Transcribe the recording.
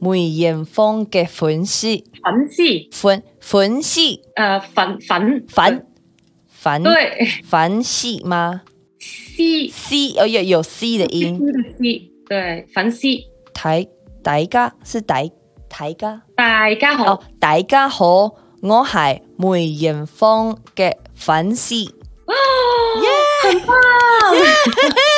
梅艷芳嘅粉絲，粉絲，粉粉絲，誒粉粉粉粉，粉，粉，粉對粉絲嗎？絲絲哦有有絲嘅音，絲對粉絲，睇大家是大大家大家好，oh, 大家好，我係梅艷芳嘅粉絲。